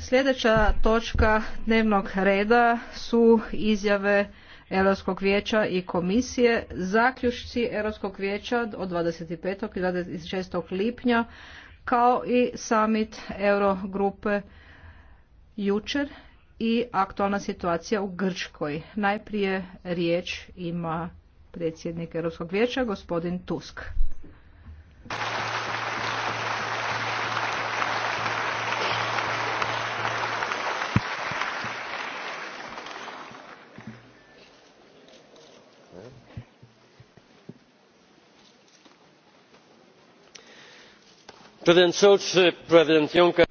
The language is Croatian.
Sljedeća točka dnevnog reda su izjave Europskog vijeća i komisije, zaključci Europskog vijeća od 25. i 26. lipnja, kao i summit Eurogrupe jučer i aktualna situacija u Grčkoj. Najprije riječ ima predsjednik Europskog vijeća, gospodin Tusk. president